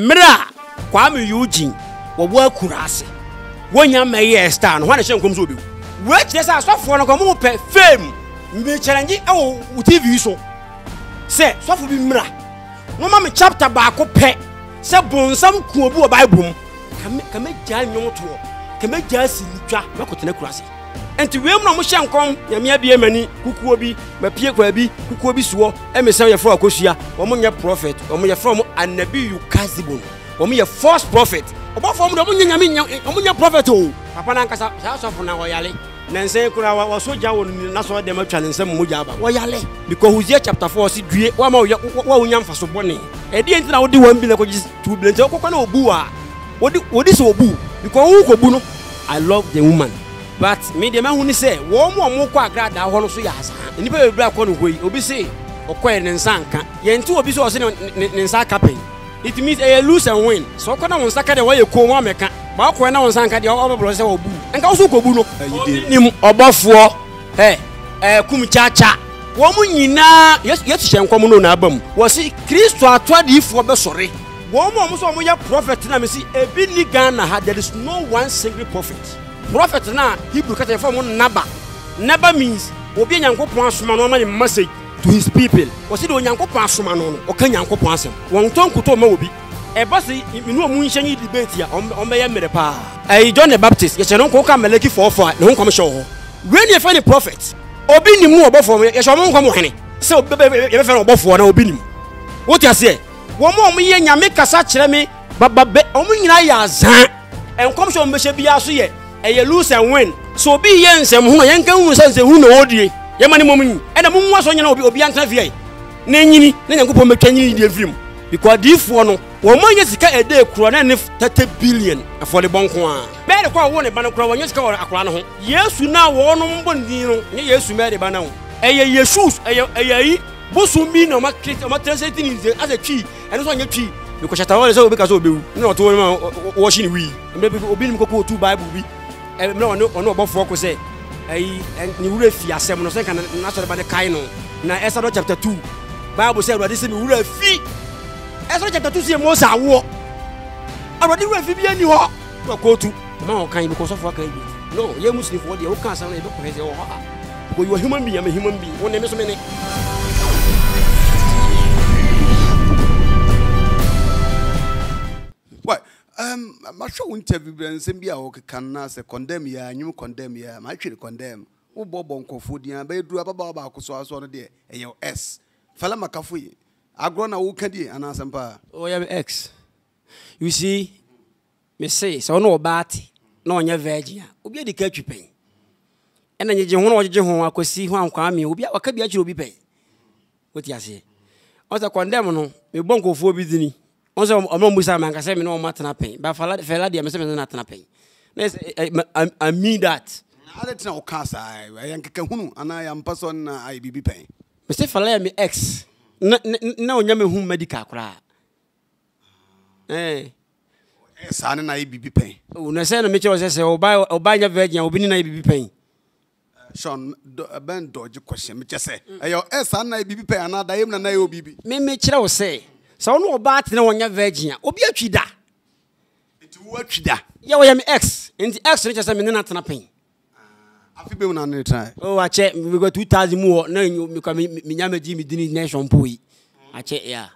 mmerɛ a kwame eugene wɔwɔ akura ase wɔnya mɛyɛ star no hɔ na ɛhyɛ nkɔm sɛ obi wɔakyerɛ sɛ asɔfoɔ no kɔmo pɛ fam mmekyerɛngye ɛwɔ wo tv so sɛ sɔfo bi mmra wɔma me chapter baako pɛ sɛ bonsam kuo bi wɔ bible mu kame kame gyaa nnwom toɔ kame gyaa sinitwa mɛkɔtena kura ase nti wei mu na mo hyɛ nkɔm nyame abie m'ani kukuo bi mapie kwaa bi kukuo bi soɔ ɛmesɛ yɛfrɛ akosua wɔn nyɛ prophet wɔn yɛfrɛ wɔn anabi yukazibon wɔn yɛ false prophet ɔbɔfoɔ mu de wɔn nyɛ nyame wɔn nyɛ prophet o papa nankasa saa sɔfo na wɔyare nansan kura wa waso gya wɔ nasɔ dɛm atwa ne nsɛm mogya aba wɔyale because hosea chapter four si due wama wɔyɛ wɔwonya mfaso bɔne ɛdeɛ nti na wode wɔn bi na kɔgye tu bi na nti wɔkɔkɔ na obu a wɔde wɔde sɛ obu because wɔn kɔ bu no i love the woman but me deɛ mahu ne sɛ wɔn mu a wɔkɔ agradaa hɔ no so yɛ asa nnipa bebree akɔ no hɔ obi se ɔkɔɛ ne nsa nka yɛn ti obi sɛ ɔse ne ne nsa aka pɛn it means ɛyɛ lose and win sɛ ɔkɔ na wɔn nsa ka deɛ wɔyɛ koom amɛka ma ɔkɔɛ na wɔn nsa nka deɛ ɔbɛbɔlɔ sɛ ɔbu nka wɔso kɔ bu no ɔnim ɔbɔfoɔ ɛ ɛɛ kum kyaakyaa wɔn mu nyinaa yɛtu hyɛn kɔm no n'aba mu wɔsi kristu ato adiifoɔ bɛsɔre wɔn mu a wɔn sɛ wɔn yɛ prɔfɛt na mi si ebi ni ghana ha there is no one single prophet prophet na hebrew kẹsàn-án fún naba naba means obi nyankopɔn asoma no ɔma ne message to his people wɔsi de onyankopɔn asoma no no ɔka nyankopɔn asɛm wɔn ntɔn koto ma obi ɛba si minnu ɔmu nhyɛn yi debate a ɔmbɛyɛ mmerɛ paa ɛyi john the baptist yɛhyɛ no nko ka mɛlɛki fɔɔfɔɔ a ne ho nkɔm hyɛ wɔ hɔ wei ne ne prophet obi ni mu ɔbɔfoɔ mu yɛhyɛ ɔmo nkɔm hene sɛ obi bɛ yɛbɛfɛ no ɔbɔfoɔ na obi ni mu wotu aseɛ wɔn a ɔmo yɛ nyame kasa kyerɛ mi bababɛ ɔmo nyinaa yɛ azan nkɔm hyɛ ɔmo bɛhyɛ biara so yɛ ɛyɛ lose and win so obi yɛ nsɛm ho na yɛn nka hunu sɛ nsɛm ho na wɔdie yɛn ma ne mɔmu nyi ɛna mu mu asɔ obi obi antena fie na nyini na nyankopɔn bɛtwa nyini die firi mu because diifoɔ no wɔn mo nyɛ sika ɛdɛ ekura na ne thirty billion afɔde bɔ nko a bɛɛ de kɔ a ne ba no kura wɔn nyɛ sika wɔ akora no ho yesu na wɔn no bɔ ne din no nye yesu bɛɛ de ba na ho ɛyɛ yesus ɛyɛ ɛyɛ yi bosom bi na ɔma kiri ɔma tẹnse ti ni nze asɛ twi ɛno sɔ nye twi because ɛtawɔ de sɛ obi ka sɛ obewu ne na ɔtɔ wɔn ma wɔsi ni wi obi ni mu koko otu baibu bi mmerɛ ɔne ɔbɔfoɔ ko sɛ ayi ne wura fi asɛm no sɛnka nasɔre ba ne kae no na ɛsɛdɔ chapter 2 bible sɛ awurade sɛ me wura fi ɛsɛdɔ chapter 2 sɛ mose awoɔ awurade wura fi bi ani hɔ na kootu ɔma wɔkan bikɔsɔfoɔ aka bi no yɛ muslifoɔ deɛ woka asɛm no yɛbɛkɔhɛ sɛ wɔ hɔ a because you are human being i'm a human being wo ne me so ne mahwɛ wo interview brɛ nsɛm bi a wɔkeka no sɛ condemn yɛ a nwom condemn yɛ a matwere condemn wobɔbɔ nkɔfoɔ din a bɛyɛduru ababa wa baako so asoɔ no deɛ ɛyɛ s fala makafo yi agorɔ na woka die anaasɛm paa ɔyɛ me x you see mese sɛ wone ɔbaa te na ɔnyɛ virgin a obi adi ka atwi pɛn ɛna nyegye ho na ɔgyegye ho akɔsi ho ankwaa me obi waka bi akyerɛ obi pɛn wotiaseɛ ɔsɛ condemn no mebɔ nkɔfoɔ bi dini wọn sɛ ɔmɛ musa mɛ ankasa mi na ɔmɔ atena pɛn ba fala fɛla deɛ mɛsɛ mɛsɛ na atena pɛn na ɛsɛ i mean that. ale tena o kan saa ɛyɛ nkeka hunu ana yɛ mpa na ayɛ bibi pɛn. mɛsɛ fala yɛ mi x na na na o nya mi hun medical kura. ɛɛ. Eh. ɛɛ saa ne na ayɛ bibi pɛn. o oh, na sɛ na mi kyerɛ o sɛ sɛ ɔba ɔba nya virgin a obi ne na ayɛ bibi pɛn. Eh, sean eh, bɛn dɔgye kɔhyɛ mi kyɛ sɛ ɛyɛ ɛɛ saa na ayɛ bibi pɛn anaa da yɛ mu na na ayɛ o bibi. mi mi kyerɛ o sɛ. sɛ wo ne ɔbaa tena wɔnyɛ virgin a obi atwi da nti woatwi da yɛ wɔyɛ me x nti x no kyerɛ sɛ mene no atena pɛn ah, afi bɛmu na ne tra o oh, akyɛ mekɔ 2000 mu wɔ na mekɔ menya magyi medini nation mpo yi akyɛ ya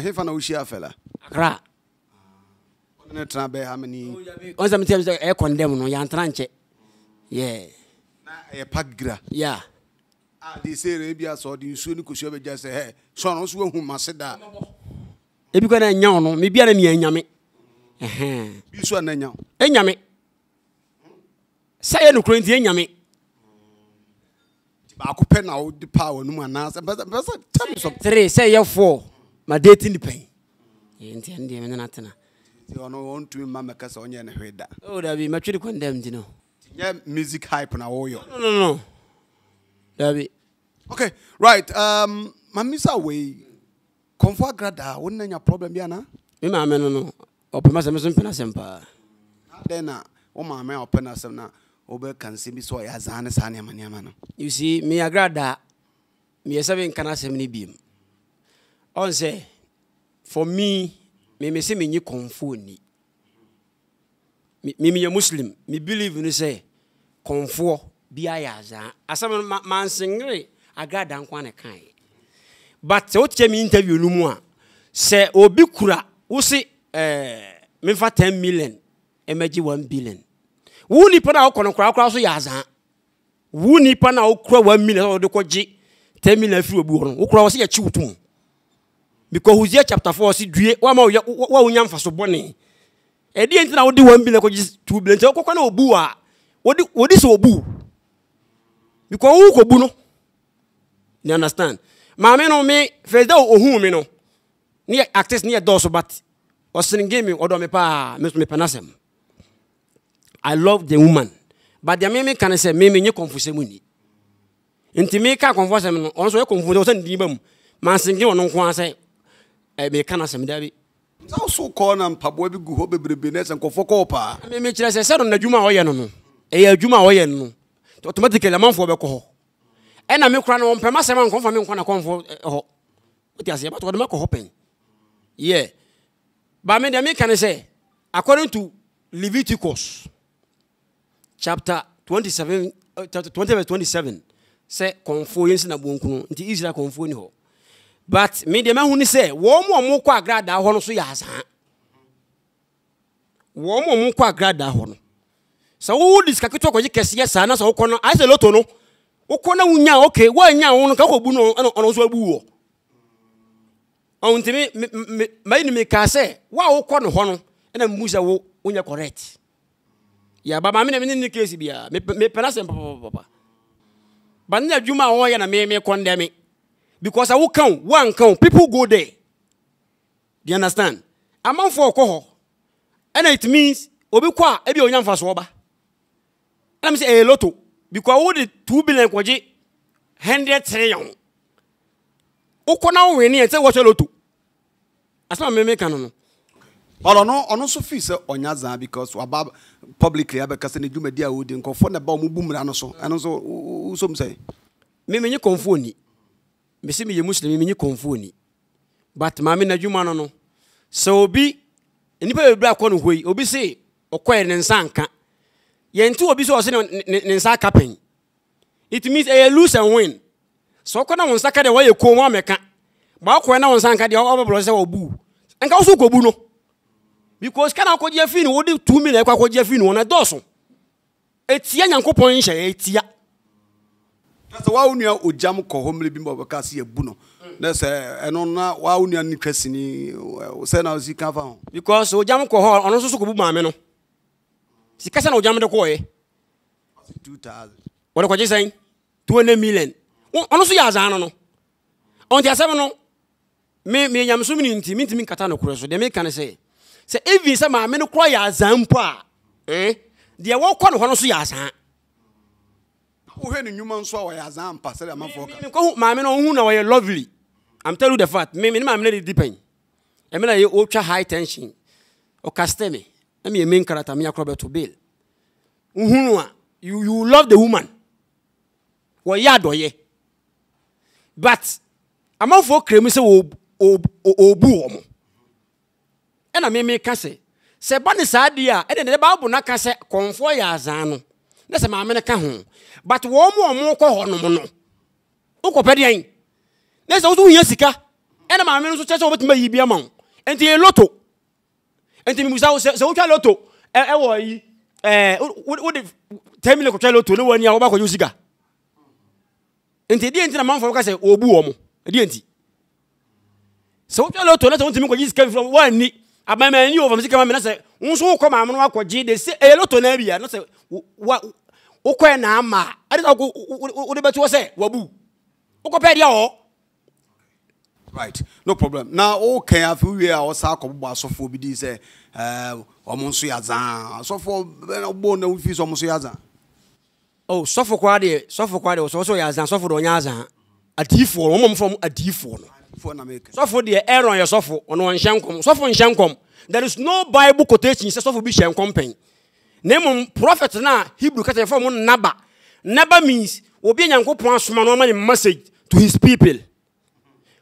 hefa na wohyia afɛla akra ah, ne tra bɛ ha mani oh, ɔn sɛ metia ɛyɛ kɔndɛm no yɛantena nkyɛ yɛ na ɛyɛ pagra yeah de seere bi asɔ ɔde nsuo ne kosua bɛgya sɛ hɛ sɔɔno nso wahu ma se daa ebi kɔ na ɛnya wo no mebia na mia bi so a na ɛnya wo ɛnyame sɛ nti ɛnyame baako pɛ na wode paa w'anum anaasɛ mpɛsɛ tell me something three sɛ yɛ four ma date nipa yi nti ɛno deɛ menena tena ɔno ɔntumi mma mɛka sɛ ɔnyɛ ne hwee da o oh, dabi matwere condemn nti no nyɛ music hype na woyɔ no no no dabi Okay, right. Um, mamisa wei kɔnfɔ agrada wɔn nanya problem bi ana. mi maame no no ɔpɛma sɛ meso mpɛna asɛm paa na wo maame a ɔpɛ no asɛm na wobɛka nsɛm bi sɛ ɔyɛ azaa ne saa nneɛma nneɛma no you see me agrada meyɛ sɛ menka no asɛm no biom ɔn sɛ for me meme sɛ menyi kɔmfo ni memeyɛ muslim me believe no sɛ kɔmfoɔ biayɛ Asa man no mansengere ma agada nkwa ne kan but sɛ wotiɛ mi interview no mu a sɛ obi kura wosi ɛɛ eh, mefa ten million ɛmɛgye one billion wo nipa na ɔkɔ no koraa koraa so yɛ azan wo nipa na ɔkura one million sɛ ɔde kɔgye ten million afiri obi wɔ no wokura wɔ sɛ yɛkyi wo tom because Hosea chapter four ɔsi due wama wa wonya nfaso bɔne ɛdi yɛn ti na wodi one billion kɔgye two billion nti ɔkɔkɔ na obu a wodi wodi sɛ obu because wo kɔ bu no you understand maame no me first day ohun mi no Ni yɛ ni ne yɛ dɔɔso but ɔsene game odo me pa me nso mepɛ n'asɛm i love the woman but deɛ meme ka ne sɛ meme confuse kɔnfosɛm ni nti me ka confuse kɔnfosɛm no ɔno nso yɛ kɔnfosɛm ɔsɛ ne din ba mu mansenge ɔno nko ara sɛ meka n'asɛm da bi sɛ so kɔɔ na mpaboa bi gu hɔ bebrebe na ɛsɛ nkɔfoɔ kɔɔ paa memekyerɛ sɛ sɛ no n'adwuma a ɔyɛ no no ɛyɛ adwuma a ɔyɛ no no automatically amanfoɔ bɛkɔ hɔ ɛna me kora no ɔmpɛ masɛm a nkɔmfa me nkwa na kɔmfo eh, hɔ wote aseɛ bat wɔde makɔ hɔ pɛn yɛ ba me deɛ meka ne sɛ according to leviticus chapter twenty seven eh, chapter twenty verse twenty seven sɛ kɔmfoɔ yɛnsi na bonkunu nti israel kɔmfoɔ ni hɔ but me deɛ mahu ne sɛ wɔn mu a mo kɔ agradaa hɔ no so yɛ asaa wɔn mu a mo kɔ agradaa hɔ no sɛ wowo de sika ketewa kɔgye kɛseɛ saa na sɛ wokɔ no ayɛ sɛ loto no wokɔ na wonya ok woanya wo no ka kɔbu no ɛna ɔno nso abu wɔ ɔno nti mayi no mekaa sɛ wo a wokɔ no hɔ no ɛna mbu sɛ wo wonyɛ correct yɛaba ma me mene ne case biaa mepɛna sɛ papapapa but ne adwuma a wɔyɛ na mekɔndɛ me because a kan wo anka wo people go there do you understand amanfoɔ ɔkɔ hɔ ɛna it means obi kɔ a ebi onyamfa soɔ ba ɛna mi sɛ ɛyɛ eh, lotto because tu two billion kɔgye hundred trillion wokɔ na wowe neɛ sɛ wɔhyɛ loto asɛm a memeka no no ɔlɔno ɔno nso fii sɛ ɔnya zaa because waba publicly abɛka sɛ ne dwumadi a wodi nkɔfoɔ na ba ɔmu bu mmara no so ɛno nso wosom sɛ memenye kɔmfoɔ ni mese meyɛ muslim memenye kɔmfoɔ ni but maame n'adwuma no no sɛ obi nnipa bebree akɔ no hɔ obi se ɔkɔɛ ne nsa nka yɛn ti obi sɛ ɔsi ne ne ne nsa aka pɛn it means ɛyɛ lose and win sɛ ɔkɔ na wɔn nsa ka deɛ wɔyɛ koom amɛka ma ɔkɔ na wɔn nsa ka deɛ ɔbɛbɔlɔ sɛ ɔbu nka ɔso kɔ bu no because kana akɔgye afi ni wɔde two million ɛkɔ akɔgye afi ni wɔn ɛdɔɔso etia nyankopɔn nhyɛ etia. sɛ waa onua ogyam kɔ hɔ mmiri bi ma ɔbɛka ase ebu no mm. na sɛ ɛno na waa onua ne twɛ sini sɛ na ɔsi kan fa ho. because ogyam kɔ hɔ ɔno nso so kɔ bu maame no sikasa na ɔgyamede kɔɔɛ wɔde kɔgye sɛn 200 million ɔno so yɛ azaa no no ɔnti Me no menyamsom ne nti mentimi nkata nokorɛ so deɛ meka ne Se sɛ even ma maame no korɔ yɛ azaa mpo a eh, deɛ wɔkɔ no hɔ no so yɛ azaa wohwɛ ne nnwuma nso a wɔyɛ azaa mpa sɛdeɛ amafoɔ ka maame no ɔhu na wɔyɛ lovely I'm tell you the fact me me maame no de di pɛn ɛmɛ na yɛ ɔtwa high tension O ɔkastɛ me na mmienu nkrataa mmea korɔ bɛto bail nhunu a you you love the woman wɔyɛ adɔyɛ but amanfoɔ kura mu sɛ ɔɔbu wɔn ɛna mmienu ka sɛ sɛ ba ne saa adeɛ a ɛna ne ba abo n'aka sɛ kɔnfoɔ yɛ azan no ne sɛ maame ne ka ho but wɔn mu wɔn kɔ hɔ nom no wokɔpɛ deɛ ne sɛ wotu hu yɛ sika ɛna maame no nso kyɛ sɛ wɔbɛtumi ayi bi ama wo nti yɛ loto nti mibusa e, e wo sɛ wotwa loto ɛwɔ yi ɛɛ e, wode ten million kɔtwa loto ne wɔ ni a wɔba kɔnyu sika nti deɛ nti na manfɔ ka sɛ obu wɔ mo deɛ nti sɛ wotwa loto na sɛ wontumi kɔgye sika firi wɔn ani abamani yi wɔ fam sika ma mi na sɛ nso wokɔ maame no akɔgye de se ɛyɛ loto na ebia na sɛ wa wokɔɛ na ama ɛde sɛ wode bɛto wɔ sɛ wabu wokɔpɛ deɛ wɔ right no problem na o kɛn afi wie a ɔsan akɔbɔ asɔfoɔ bi di sɛ ɛɛ eh, wɔn nso yɛ zan asɔfoɔ eh, bɛn bɔ na wofi so, wɔn nso yɛ zan. o oh, sɔfo kura de sɔfo kura de so, so, yɛ zan sɔfo de wɔnyɛ zan atiifoɔ wɔn mɔ mu fɔ mu atiifoɔ no sɔfo deɛ ɛrɔn yɛ sɔfo ɔno wɔn nhyɛn kɔm sɔfo nhyɛn kɔm there is no bible quotation sɛ sɔfo bi hyɛn kɔm pɛn na emu prophet na hebrew kata yɛ fɔ mu naba naba means obi nyankopɔn asoma no ɔma ne message to his people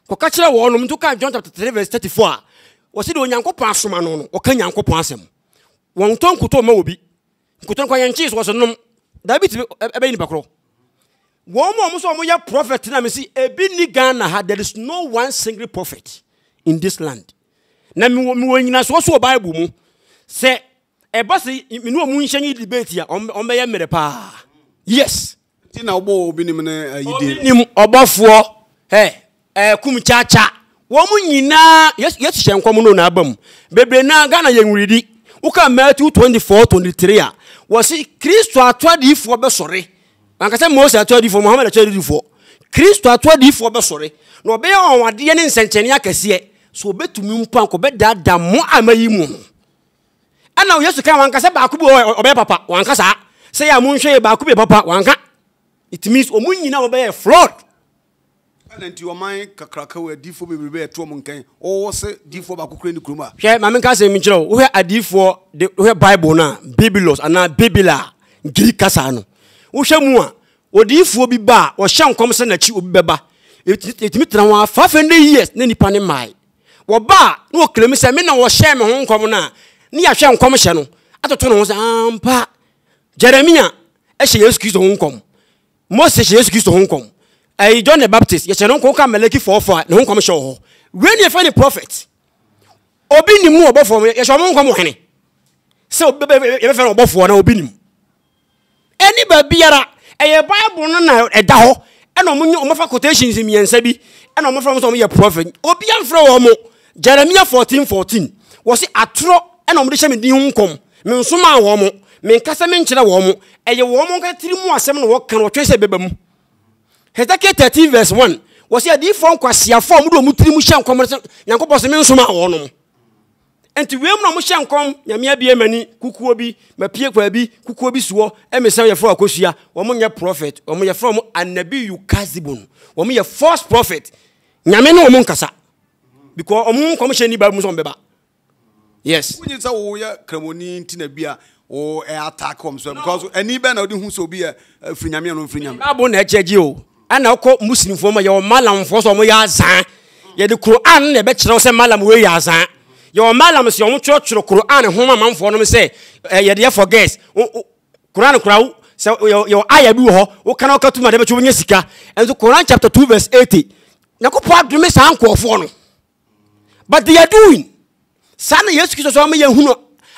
kɔka kyerɛ wɔnom nto ka john chapter 3 verse 34 a wɔsi de onyankopɔn asoma no no ɔka nyankopɔn asɛm wɔn ntɔ nkotɔ ma obi nkotɔ nkwa yɛn nkyee so wɔsɛ nom daabi ti nipa korɔ wɔn mu a wɔn nso wɔn yɛ prophet na mi si ebi ni ghana ha there is no one single prophet in this land na mi wɔ mi wɔ nyinasoɔ so wɔ bible mu sɛ ɛba sɛ mi ni wɔn mu nhyɛn yi debate a wɔn bɛyɛ mmerɛ paa yes. ti na ɔbɔ obi nim ne ayi de. obi ɔbɔfoɔ hɛ. Hey ɛkum eh, kyakya wɔn nyinaa yesu hyɛ nkɔm no n'aba mu bebree naa ghana yɛ nwuridi woka mɛtu twenty four twenty three a wɔsi kristu ato adiifoɔ bɛsɔre ankasa mose ato adiifoɔ muhammed ato adiifoɔ kristu ato adiifoɔ bɛsɔre na ɔbɛyɛ ɔwadeɛ ne nsɛnkyɛnni akɛseɛ so obɛtumi mpo anko bɛdaadaa mo ama yi mu ho ɛna yesu kan wankasa baako bi ɔbɛyɛ papa wanka saa sɛ yɛ a monhwɛ yɛ baako bi yɛ papa wanka it means ɔmo nyinaa wɔbɛyɛ fraud Nanti ɔman kakraka wɔ adiifoɔ bebrebe ɛtoɔ mu nkɛn ɔwɔ sɛ diifoɔ baako kura ne kurom a. hwɛ maame nka asɛm nkyerɛw wohɛ adiifoɔ de wohɛ bible no a bibilos anaa bibila nkiri kasa ano. wohwɛ mu a odiifoɔ bi ba a ɔhyɛ nkɔm sɛ n'akyi obi bɛba ɛtumi tena hɔ a faafɛ ne years ne nipa ne mmaa wɔba a na wɔkele mi sɛ me na wɔhyɛ me ho nkɔm no a ne yɛahwɛ nkɔm hyɛ no atoto ne ho sɛ ampa jeremia ɛhyɛ yesu kristo ho nkɔm mose hyɛ yesu kristo ho nkɔm ɛyi john the baptist yɛhyɛ ne nkonka mɛlɛki fɔɔfɔ a ne ho nkɔm hyɛ wɔ hɔ wei ne yɛfɛ ne prophet obi nim mu ɔbɔfoɔ yɛhyɛ ɔmo nkɔm hene sɛ yɛbɛfɛ no ɔbɔfoɔ na obi nim ɛni baabiara ɛyɛ bible no na ɛda hɔ ɛna ɔmo nye ɔmo fa quotations mmiɛnsa bi ɛna ɔmo fa ɔmo sɛ ɔmo yɛ prophet obi afrɛ wɔn mo jeremiah fourteen fourteen wɔsi atorɔ ɛna ɔmo de hyɛ mi din ho nkɔm mi nsoma wɔn mo mi nkasa mi nkyerɛ wɔn mo ɛyɛ wɔn mo nkatiri mu asɛm na wɔka na wɔtwe sɛ ɛbɛba mu hezekiah thirteen verse one wɔsi adiifoɔ nkwasiafoɔ a wɔde wɔn tiri mu hyɛ nkɔm no nyankopɔ sɛ mensoma wɔnom nti wiem na wɔn hyɛ nkɔm nyamea bi emani kukuo bi mapie kwaa bi kukuo bi soɔ ɛmesa yɛfrɛ akosua wɔn nyɛ prophet wɔn yɛfrɛ wɔn anabi yukazibon wɔn yɛ false prophet nyame ne wɔn nkasa because wɔn nkɔm hyɛ ni baabu sɔn bɛba yes. wúnyí sá wò yẹ kramoni ntina bi a wò ẹ attack wɔn so because ẹni bẹ́ẹ̀ na ọdún hu sọ bi yẹ firinyamia no firinyamia. báàbò na ẹ kyẹ́ gyi o. ɛna wokɔ muslimfoɔ ma yɛwɔ malamfoɔ sɛ ɔmo yɛ azaa Quran, kuroan na ɛbɛkyerɛ sɛ malam wei yɛ azaa yɛwɔ malam sɛ ɔmo twerɛtwerɛ kuroan ho ma manfoɔ nom sɛ yɛde yɛ for guest kuroan kora sɛ yɛwɔ aya bi wɔ hɔ wokana woka tuma de bɛkyɛ wonyɛ sika ɛnso Quran chapter two verse eighty nyankopɔn adome saa nkurɔfoɔ no but they are doing saa na yesu kristo sɛ ɔmo yɛ hunu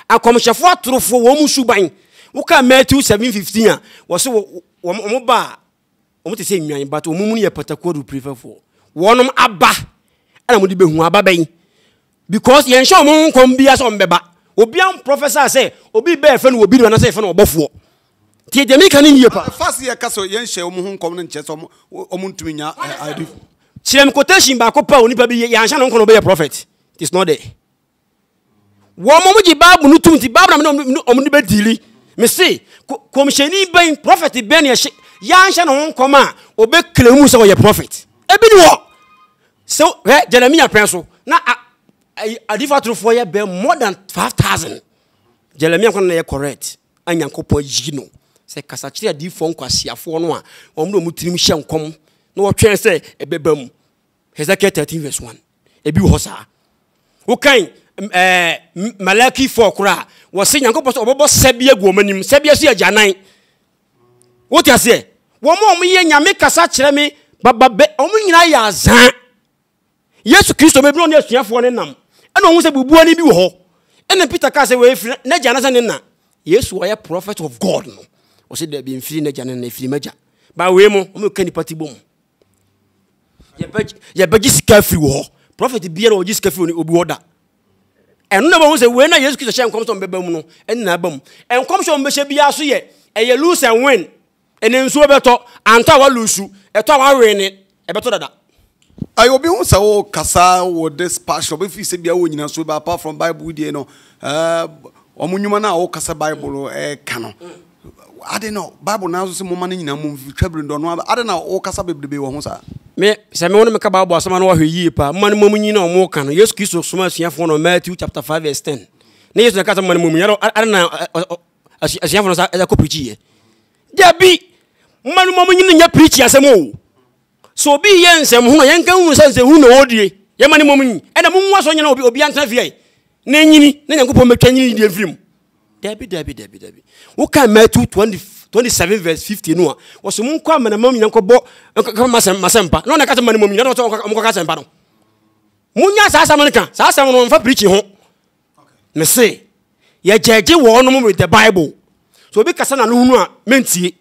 akɔmhyɛfoɔ atorofoɔ wɔn mu suban woka matthew seven fifteen a wɔsɛ wɔn ba wɔn te sɛ nwan but wɔn mu yɛ patakuo do pirifɛfoɔ wɔn aba ɛna wɔde bɛhu aba bɛyi because yɛn hyɛ wɔn nkɔm bi asɛ wɔn bɛba obi an professor sɛ obi bɛɛ fɛ no obi do anasɛ fɛ no ɔbɔfoɔ tie deɛ mika ne nie pa. fasi yɛ kaso yɛn hyɛ wɔn ho nkɔm ne nkyɛn sɛ wɔn ntumi nya adi. kyerɛm quotation baako pa onipa bi yɛn hyɛ no nkɔm bɛyɛ prophet it is not there. wɔn mo gye baabu no tum ti baabu na mo prophet bɛn yɛanhyɛ ne ho nkɔm a ɔbɛkele mu sɛ ɔyɛ prophet ebi ni wɔ so hɛ jeremia pɛn so na adiifo atorofoɔ yɛ bɛn more than five thousand jeremia kɔn na yɛ correct a nyankopɔn yi no sɛ kasakyerɛ adiifoɔ nkwasiafoɔ no a wɔn na wɔn tirim hyɛ nkɔm na wɔtwɛn sɛ ɛbɛba mu hezekiah thirteen verse one ebi wɔ hɔ saa wokan ɛɛ malaki four koraa wɔsi nyankopɔn sɛ ɔbɛbɔ sɛbi egu wɔn anim sɛbi so yɛ gyanan wote aseɛ wɔn a wɔyɛ nyame kasa kyerɛ me bababɛ wɔn nyinaa yɛ azan yesu kristo bɛbi na ɔne asuafoɔ ne nam ɛna wɔn sɛ bubuo ne bi wɔ hɔ ɛna peter kaa sɛ wɔyɛ firi n'agya anasa ne na yesu ɔyɛ prophet of god no ɔsɛ dɛbi nfiri n'agya ne na efiri m'agya baa wei mu wɔn ka nipa ti bɔ mu yɛbɛgye sika firi wɔ hɔ prophet biara ɔgye sika firi obi wɔ da ɛno na wɔn sɛ wei na yesu kristo hyɛ nkɔm sɛ ɔmo bɛba mu no ɛna aba mu nkɔm sɛ ɔmo bɛhyɛ biara so yɛ ɛyɛ lose and win ɛnɛ nsuo bɛtɔ antɔ a walusu ɛtɔ a wawene ɛbɛtɔ dada ayi obi ho sɛ wo kasa wo this passion obi fi sɛ bia wo nyina so apart from bible deɛ no ɔmo nnwuma no a kasa bible ɛka no ade no bible na so sɛ moma nyina mu twabere dɔno ade na wo kasa bebrebe wɔ ho saa me sɛ wo no meka bible asɛm no wahwɛ yie paa mma no mamu nyina ɔmo ka no yesu kristo soma asuafoɔ no matthew chapter 5 verse 10 na yesu na ka sɛ mma no mamu nyina ade na asuafoɔ no sa ɛkɔ pirikyiɛ dabi mma no mɔmɔ nyina nyɛ pirikyi asɛm o so obi yɛ nsɛm ho yɛnka hunu sɛ nsɛm hu na wɔdie yɛma ne mɔmɔ nyi ɛna mo mmoa so nyina obi obi antena fie na nyini na nyankopɔn mɛtwa nyini die mfirim dabi dabi dabi dabi woka matthew 20 27 verse 50 no a wɔso monkɔ amanamam nyina nkɔbɔ masɛmpa na ɔna ka sɛ ma ne mɔmɔ nyina na wɔsɛ ɔmokɔka asɛmpa no monya saa asɛm no ka saa asɛm no mfa pirikyi ho me se yɛgyɛgye wɔnom with the bible so obi kasa na no hunu a mentie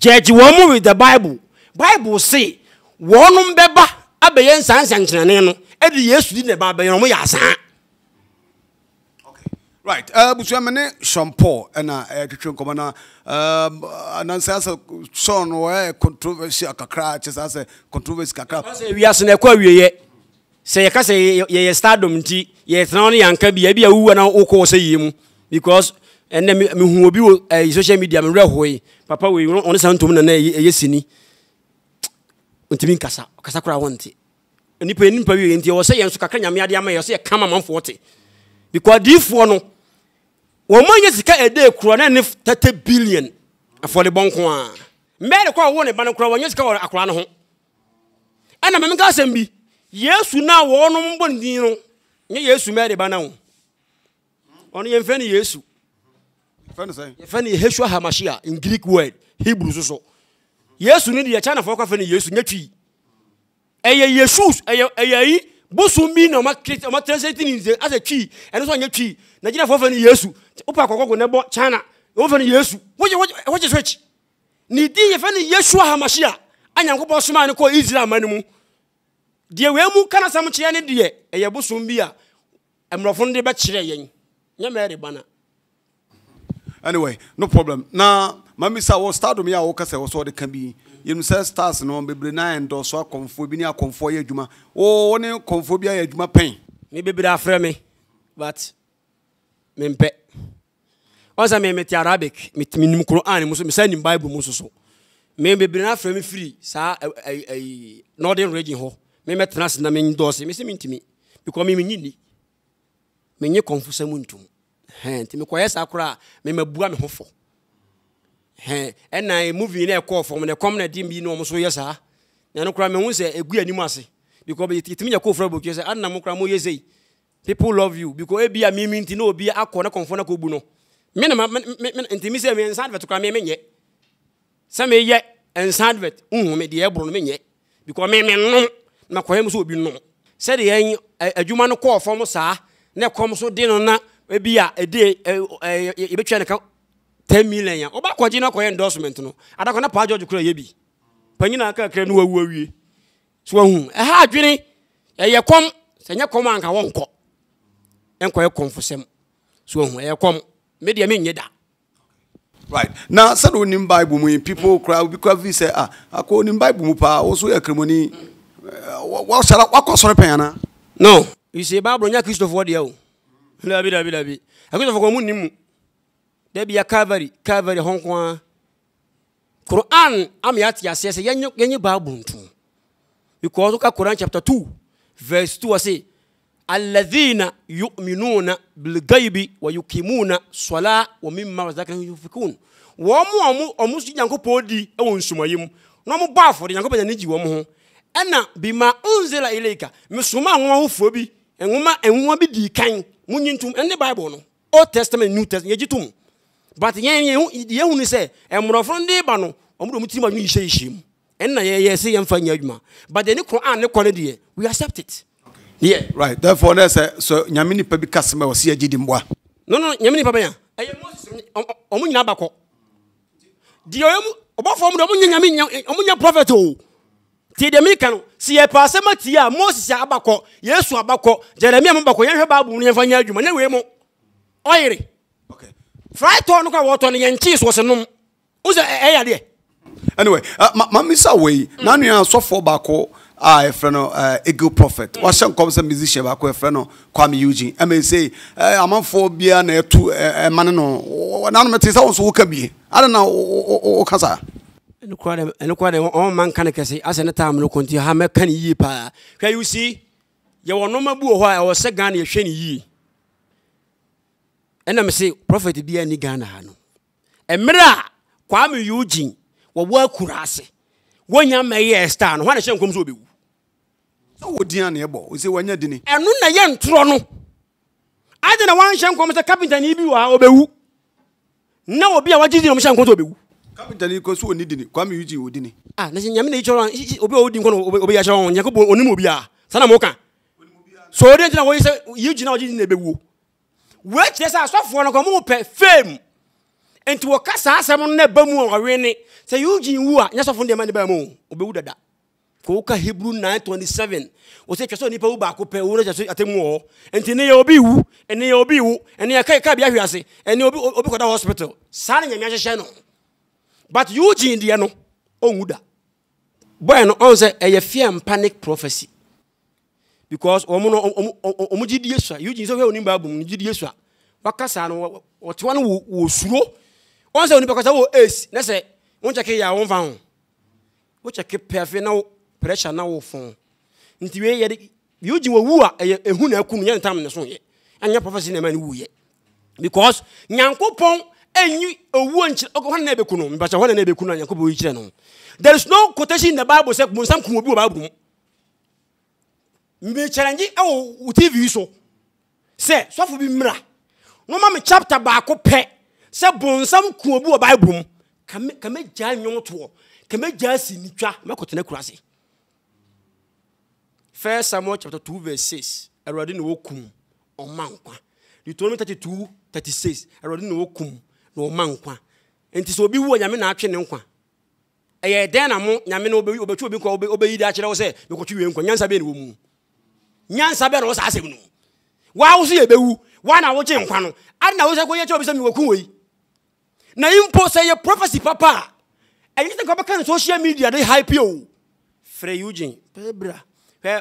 gyɛgye wɔn mu with the bible bible se wɔn bɛba abɛyɛ nsansankyerɛnne no ɛde yesu di na ɛba abɛyɛ wɔn yɛ asan. Right, abusua uh, mene Sean Paul ɛna ɛtwitwe eh, nkɔmɔ na um, anansa sɛ Sean wɔyɛ controversy kakra kyɛ saa sɛ controversy kakra. wiase na ɛkɔ awieɛ sɛ yɛka sɛ yɛyɛ stardom nti yɛtena no yɛnka bi ebi a wuwa na wokɔɔ sɛ yie mu because ɛnɛ mehu obi wɔ ɛyi social media mi werɛ hoe papa wei ɔne saa na nana ɛyɛ sini ntumi nkasa kasa koraa wɔnte nipa yɛ nipa wiye nti ɛwɔ sɛ yɛn nso kakra nyame adeɛ ama yɛ sɛ yɛ kama amanfoɔ te because adiifoɔ no wɔn mo anya sika ɛdɛ kura na ne thirty billion afɔlebɔ nko a mɛri kɔ a ne ba no kura wɔn anya sika wɔ akora no ho ɛna mɛmi asɛm bi yesu na wɔn bɔ ne din no nye yesu mɛri ba na ho ɔno yɛn fɛn ne yesu. yɛfɛ no yɛhesua hamashia in greek word hebrew so so yesu no deɛ chinafoɔ kɔfɛ no yesu nyɛ twii ɛyɛ yesus ɛyɛyi bosom bi na ɔma translate ne nse asɛ twii ɛno so anyɛ twii nigeriafoɔ fɛ no yesu wopɛ akɔkɔgo na ɛbɔ china wɔfɛ no yesu wogye so ne din yɛfɛ no yesua hamashia a nyankopɔn somaa no kɔɔ israel ma no mu deɛ wei mu ka nasɛm kyeɛ ne deɛ ɛyɛ bosom bi a mmorɔfo no de bɛkyerɛ yɛn nyɛ bana anyway no problem na mami sa wɔ stardom yi a wɔka sɛ wɔsɔ de ka bi yɛn sɛ stars no bebree na yɛn dɔsɔ akɔnfoɔ bi ne akɔnfoɔ yɛ adwuma wɔɔ wɔne kɔnfoɔ bi ayɛ adwuma pɛn. mi bebree afrɛ mi but mi mpɛ ɔsɛ mi mi ti arabic mi ti mi nim koran mu so mi sɛ nim bible mu soso mi bebree na afrɛ e, mi e, firi e, saa ɛɛ ɛɛ northern region hɔ mi mɛ tena sinna mi dɔɔsi mi si mi ntumi because mi mi nyi ni mi nyi kɔnfo sɛ mu ntumi hɛn nti mekɔyɛ saa koraa memabua me ho fɔ hɛn ɛna movie no ɛkɔɔ fam na ɛkɔm na ɛdi bi na ɔmo so yɛ saa na ɛno koraa mehu sɛ ɛgu anim ase because yɛtumi yɛ kɔɔfra bɔtwe sɛ adena mo koraa moyɛ sei people love you because ebi a mimi nti na obi akɔ ne kɔnfɔ na kɔ bu no me na ma me me nti mi sɛ mi nsa advert koraa mi mi nyɛ sɛ mi yɛ nsa advert nhu mi deɛ ɛboro mi nyɛ because mi mi nom na kɔyɛ mi sɛ obi nom sɛdeɛ ɛyin adwuma no kɔɔ fam saa na ɛkɔm so de no na. ebi a ɛde yɛbɛtwa ne ka Ten million a ɔba kɔgye no akɔyɛ endorsement no adakɔ na paa george kora yɛ bi panyina kakra no wawu awie so wahu ɛha adwene ɛyɛ kɔm sɛ nyɛ kɔm anka wɔnkɔ ɛnkɔyɛ kɔmfosɛm so wahu ɛyɛ kɔm medeɛ menyɛ da right na sɛde wonim bible mu yi people kora obi kora fi sɛ ah akɔ onim bible mu paa wo so yɛ kremoni wakɔ sɔre pɛn anaa no you say bible nyɛ kristofoɔ deɛ o labi labi labi akuta fo ko mun nimu debi ya kavari kavari honkwa Quran am ya ti ase se yenye yenye babu ntu because ka Quran chapter Two, verse Two. ase alladhina yu'minuna bil ghaibi wa yuqimuna sala wa mimma razaqnahum yunfikun wɔn a wɔn wɔn si nyankopɔn di wɔ nsumayim na wɔn bɔ afɔde nyankopɔn yɛn ani gye wɔn ho ɛna bima onzela ileika mesoma ahoma ahofoɔ bi nwoma nwoma bi di kan munyi ntum ɛne bible no old testament new testament yɛgye tum, but yɛn yɛhu ni sɛ mmorɔfo no de ba no wɔn de wɔn tirim adwuma yihyɛ yihyɛ mu ɛnna yɛyɛ sɛ yɛmfa nyɛ adwuma but yɛn ni kɔn a ne kɔn no deɛ we accept it. Yeah. right therefore ne sɛ so nyame nipa bi kasɛm a wɔsi agye di mboa. no no nyame nipa bɛyà ɛyɛ moses ɔmo nyinaa bakɔ deɛ ɔyɛ mu ɔbɔfo ɔmo de ɔmo nyɛ nyame ɔmo nyɛ prophet o tie deɛ meka no sɛ yɛpɛ asɛm atie a moses abakɔ yesu abakɔ jeremia mo bakɔ yɛnhwɛ bible no yɛmfa nyɛ adwuma nyɛ wei mu ɔyere fry tɔ no kɔ a wɔtɔ no yɛnkyee soɔ se nom wo sɛ ɛyɛ adeɛ anyway uh, mamisa ma wei mm. nanua asɔfoɔ baako a yɛfrɛ no uh, eagle prophet mm. wahyɛ nkɔm sɛ musician baako yɛfrɛ no kwame eugene ɛma ɛsei uh, amanfoɔ biara na ɛtu ɛma uh, no no nanomete sɛ wo nso woka bie ade woka saa ɛno kora de ɔma nka no kɛse asɛ ne taa mno kɔnti ha mɛka ne yie paa hwɛ yi si yɛwɔ nɔma bu wɔ hɔ a ɛwɔ sɛ ghana yɛhwɛ ne yie ɛnam se prɔfɛt biaa ni ghana ha no ɛmmerɛ a kwame yogyin wɔwɔ akura ase wɔnya mɛyɛ star no ho ana hyɛ nkɔm sɛ wɔbɛwu sɛ wɔdin a neɛbɔ sɛ wɔanya dini ɛno na yɛ ntorɔ no ade na wanhyɛ nkɔm sɛ kapintani bi wɔ ha ɔbɛwu na obi a wagye di na ɔmhyɛ nkɔm sɛ ɔbɛwu kapitali ko so oni dini kwami yuji odini. a ah, na se nyamina yi cɔrɔ obi o di nkɔnɔ o bɛ yasɔ bo onimu bi a sanni m'o kan so o den tina wo yi sɛ yi jina o ji ne bɛ wo wo ekyirɛ sɛ asɔfoɔ no kɔ mo pɛ fame nti wɔka saa asɛm no na ɛba mu ɔwe ne Se yuji wu a nyɛ sɔfo ndeɛma ne bɛɛ mu o dada kò ka hebrew nine twenty seven o se twɛsɛ nipa wu baako pɛ owurɔ jɛso atemu wɔ nti ne yɛ obi wu ɛne yɛ obi wu ɛne yɛ kaa kaa bi ahwi ase ɛne obi obi kɔda hospital saa ne nyamia hyehyɛ no but eugene deɛ no ɔnwu da boy no ɔn sɛ ɛyɛ fear and panic prophecy because wɔn no wɔn gyi di yesu a eugene sɛ wɔyɛ onim baabu mu gyi di yesu a wakasa no wɔte wɔn no wɔ suro ɔn sɛ onipa kasa wɔ ace ne sɛ wɔn kyɛ ke yɛ a wɔn fa ho wɔn kyɛ ke pɛɛfɛ na pressure na wɔn fɔn nti wei yɛde eugene wɔ wu a ɛyɛ ehu na ɛku e no yɛn tam ne so yɛ ɛnyɛ prophecy na ɛma e ne wu yɛ because nyankopɔn enyi owuo nkyerɛ ɔkɔ hɔn na ebe kunu mbasa hɔn na ebe kunu anyanko bɛ oyi no there is no quotation in the bible sɛ bonsam kun obi wɔ baabu mu mbɛkyerɛnyi ɛwɔ wɔ tv so sɛ sɔfo bi mmira n'ɔma mi chapter baako pɛ sɛ bonsam kun obi wɔ baabu mu kame kame gya nyɔn toɔ kame gya si nitwa mɛ kɔ tena kura se first samuel chapter two verse six ɛwurade na wɔkum ɔma nkwa deuteronomy thirty two thirty six ɛwurade na wɔkum. na ɔma nkwa nti sɛ obi wu nyame na atwe ne nkwa ɛyɛ dɛn na mo nyame obi nkwa obɛyi de akyerɛ wo sɛ nkwa nyansa bɛɛ na wɔ nyansa bɛɛ na wɔ saa asɛm no waa wo so yɛ bɛwu waa na wogye nkwa no ade na wo sɛ kɔyɛ obi sɛ na sɛ yɛ prophecy papa a ɛnyɛ sɛ nka wobɛka ne social media de hype o frɛ eugene pɛbra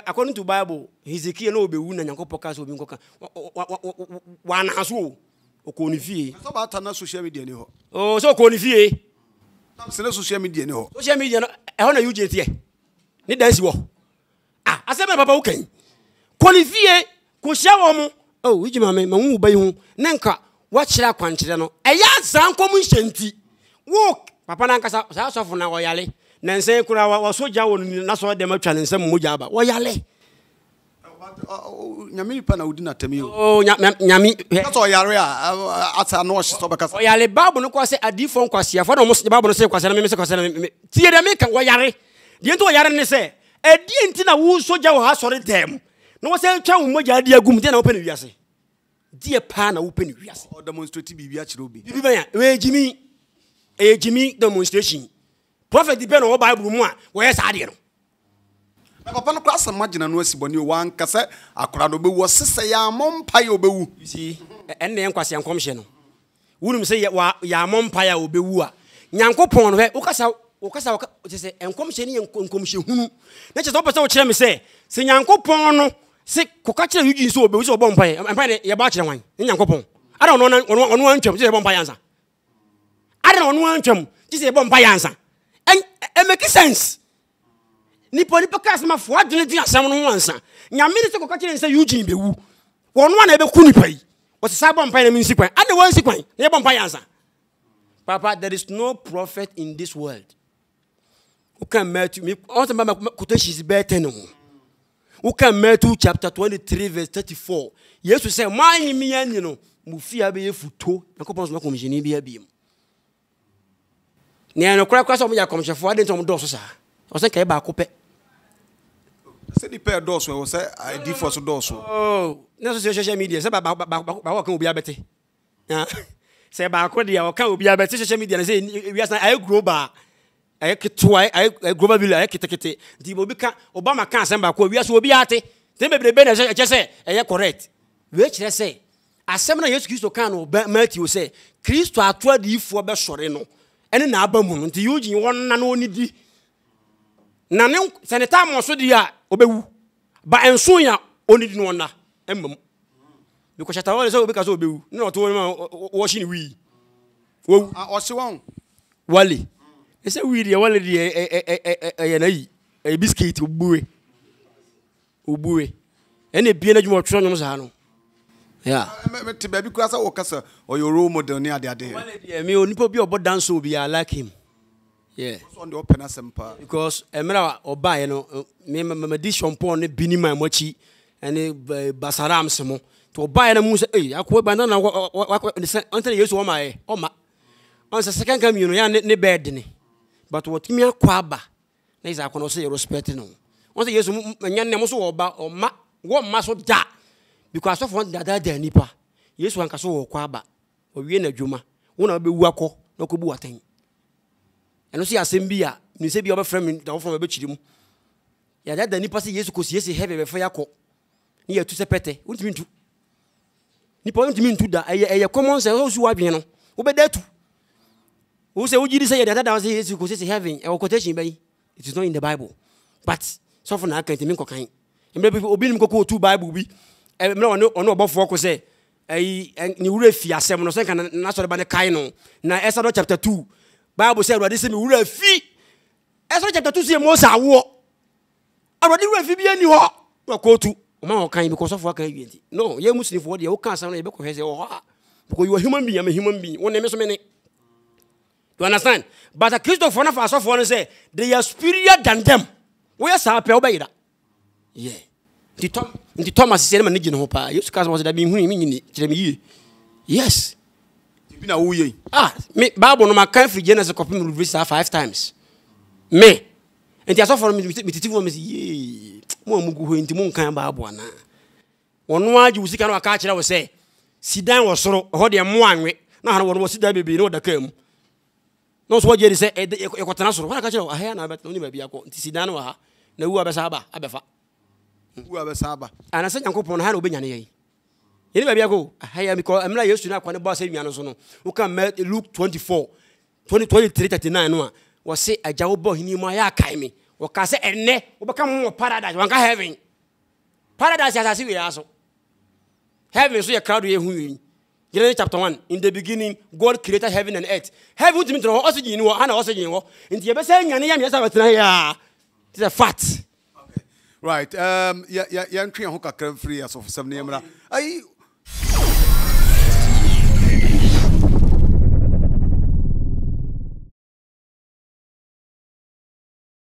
according to bible hezekiel na na nyankopɔn ka sɛ obi nkɔka okɔ ne fie sɛ na social media ni hɔ o sɛ okɔ ne fie sɛnɛ social media ni hɔ social media no ɛhɔ na ugye teɛ ne Ah, wɔ a asɛm na papa wo kan kɔ ne fie kɔhyia wɔ mo o wogye ma me ma wo ba yi ho ne nka wɔkyerɛ akwankyerɛ no ɛyɛ asaa nkɔm nhyɛ nti wo papa no ankasa saa sɔfo na ɔyale nansɛn koraa wɔso gya wɔ no nasɔɔ dɛm atwa ne nsɛm mogya aba wɔyale Uh, oh, nyame nipa na wodi natam oh, yi nyamekasɛ ɔyare a asa na ɔhye sɛ wobɛkasa ɔyare bible no kɔ sɛ adiifoɔ nkwaseafoɔ na ɔmo bible no sɛ kwasea no meme sɛ kwasea no tie dɛ meka wɔyare deɛ nti wɔyare ne sɛ ɛdiɛ nti na wo sogya wɔ ha sɔre dɛɛ mu na wɔsɛ twa wo mogya adi agum deɛ na wopɛ ne wiase deɛ paa na wopɛ ne wiase ɔdemonstrate biribi akyerɛ obi biribi bɛn a ɛyɛgyimi ɛyɛgyimi demonstration prophet bɛ na wɔ bible mu a wɔyɛ saa adeɛ no na papa no kora asɛm agyina no asibɔne o wanka sɛ akora no ɔbɛwu ɔsesɛ yɛamɔ mpaeɛ ɔbɛwu ɛnne yɛ nkwaseɛ nkɔmhyɛ no wonim sɛ yɛamɔ mpaeɛ a ɔbɛwu a nyankopɔn no hɛ wokasa wokasa kyɛ sɛ nkɔmhyɛ no yɛ nkɔmhyɛ hunu na kyɛ sɛ wopɛ sɛ wokyerɛ me sɛ sɛ nyankopɔn no sɛ kɔka kyerɛ yogyin sɛ ɔbɛwu sɛ ɔbɔ mpaeɛ mpaeɛ no yɛbɔ akyerɛ wan ne nyankopɔn ada ɔno antwam sɛ yɛbɔ mpaeɛ ansa ada na ɔno antwam gye sɛ yɛbɔ mpaeɛ ansa ɛmɛki sense nipa nipa kaa sɛm afo adwene di asɛm no ho ansa nyame ne sɛ kɔka kyerɛ ne sɛ eugene bɛwu wɔno a na ɛbɛku nipa yi wɔsɛ saa bɔ mpae na mensi kwan ade wɔnsi kwan na yɛbɔ mpae ansa papa there is no prophet in this world woka matthew ɔsɛ mama quotations bɛɛ tɛ ne ho woka matthew chapter 23 verse 34 yesu sɛ moahe me ani no mo fie abɛyɛ futo nyankopɔn soma kɔmhyɛni bi abiem na ɛnokorɛ kora sɛ ɔmoyɛ akɔmhyɛfoɔ ade nti ɔmodɔɔso saa ɔsɛ nkae baako pɛ sɛ nipa yɛ dɔɔso ɛwɔ sɛ adiifoɔ so dɔɔso oh, ne so sɛ social media sɛ baako ɔka obi abɛte ah, sɛ baako deɛ ɔka obi abɛte social media no sɛ wiasa ayɛ global ayɛ ketewa ayɛ global bill ayɛ ketekete nti obi ka obama ka asɛm baako wiasa obi ate sɛ bebrebe na ɛkyɛ sɛ ɛyɛ correct wei kyerɛ sɛ asɛm na yesu kristo kan no matthew sɛ kristo ato adiifoɔ bɛsɔre no ɛne n'aba mu no nti yogyin wɔn na na wɔn di na ne sɛ ne taama so deɛ a ɔbɛwu ba nso ya ɔnidi no ɔna mmam because ɛtawa ne sɛ obi ka sɛ ɔbɛwu ne na ɔto wɔn mu a wɔhye ne wii wɔwu ɔsi wɔn wale ne sɛ wii deɛ wale deɛ ɛyɛ n'ayi ɛyɛ bisikiti obue obue ɛna ebien n'adwuma ɔtwerɛ nnwom saa no te baabi kura sɛ wɔkasa ɔyɛ role model ne adeade me deɛ mi o nipa bi a ɔbɔ dansi obi a like him because mmerɛ a ɔbaeɛ no madi shɔmpɔn no bi eh, ne ma mɔakyi ne basaram se mo nti ɔbaeɛ no mu sɛ akɔbantana yesu ɔmaɛ ɔma ɔn sɛ sɛkanka mmienu yɛ ne bɛɛ dene but wɔtumi akɔ aba na yɛsɛ akɔnɔ sɛ yɛrespect no ɔn sɛ yesu ɛnyɛ nnɛ mo so wɔba ɔma wɔmma so da because asɔfoɔ dadaada nipa yesu anka so wɔkɔ aba ɔwie n'adwuma wo na wobɛwu akɔ na wokɔbu watɛn ɛno so yɛ asɛm bi a ne sɛ bi a wobɛfrɛ me dawofo bɛbɛkyiri mu yɛda da nnipa sɛ yesu kɔsie se heaven bɛfa yɛakɔ ne yɛatu sɛ pɛtɛ wontumi ntu nipa wontumi ntu da ɛyɛ ɛyɛ common sɛ wosu woadwene no wobɛda atu wo sɛ wogyidi sɛ yɛde adada sɛ yesu kɔsie se heaven ɛwɔ quotation bɛyi it is not in the bible but sɔfo na aka ntimi nkɔkan mmerɛ bi obi nim kɔkɔ ɔtu bible bi mmerɛ ɔne ɔbɔfoɔ kɔ sɛ ɛyi ne wura fi asɛm no sɛ nka nasɔre ba ne kae no na ɛsa dɔ chapter 2 bible sɛ awurade sɛ mewura fi ɛsoro chapter two sɛ mose awoɔ awurade wura fi bi ani hɔ na kootu ɔma ɔkan bi kɔsɔfoɔ aka awie nti no yɛ muslimfoɔ deɛ woka asɛm no yɛbɛkɔhwɛ sɛ ɔhɔ a because you are human being I'm a human being wo ne me so me ne you understand but a christopher na fa asɔfoɔ no sɛ they are superior than them woyɛ saa pɛ wobɛyera yeah nti tom nti thomas sɛ ne ma ne gye ne ho paa yesu ka sɛ wɔ sɛ da menhuni menyini kyerɛ me yie yes bi na woyɛ ah me bible no maka firi genesis kɔpem reverse saa five times me nti asɔfo no metete fo mese yee mo a mugu hɔ nti monkan bible anaa wɔno agye wo sika no waka akyerɛ wo sɛ sidan wɔ soro ɛhɔ deɛ mmoa nwe na hano wɔno wɔ sidan bebree ne wɔ dakaa mu na nso wɔgye de sɛ ɛkɔtena soro wɔn aka kyerɛ wo ahaya na abɛtena onim baabi akɔ nti sidan no wɔ ha na wu abɛsa aba abɛfa wu abɛsa aba anasɛ nyankopɔn no ha na wobɛnyane yɛi yɛne baabia ko yesu no akwane bɔ asɛ nnua no so no woka mɛ luke 24 2339 no a wɔse agya wobɔ hene mu a yɛ akae mo heaven paradise asase wiea so heaven so yɛ crowd Genesis chapter 1 in the beginning God created heaven and earth heaven is tena to ɔsɛ gyini hɔ ana ɔsɛ gyini hɔ nti yɛbɛsɛ nyane yɛ meɛsɛ bɛtena yɛ it's a fact Right, um, yeah, yeah, yeah, i free as of I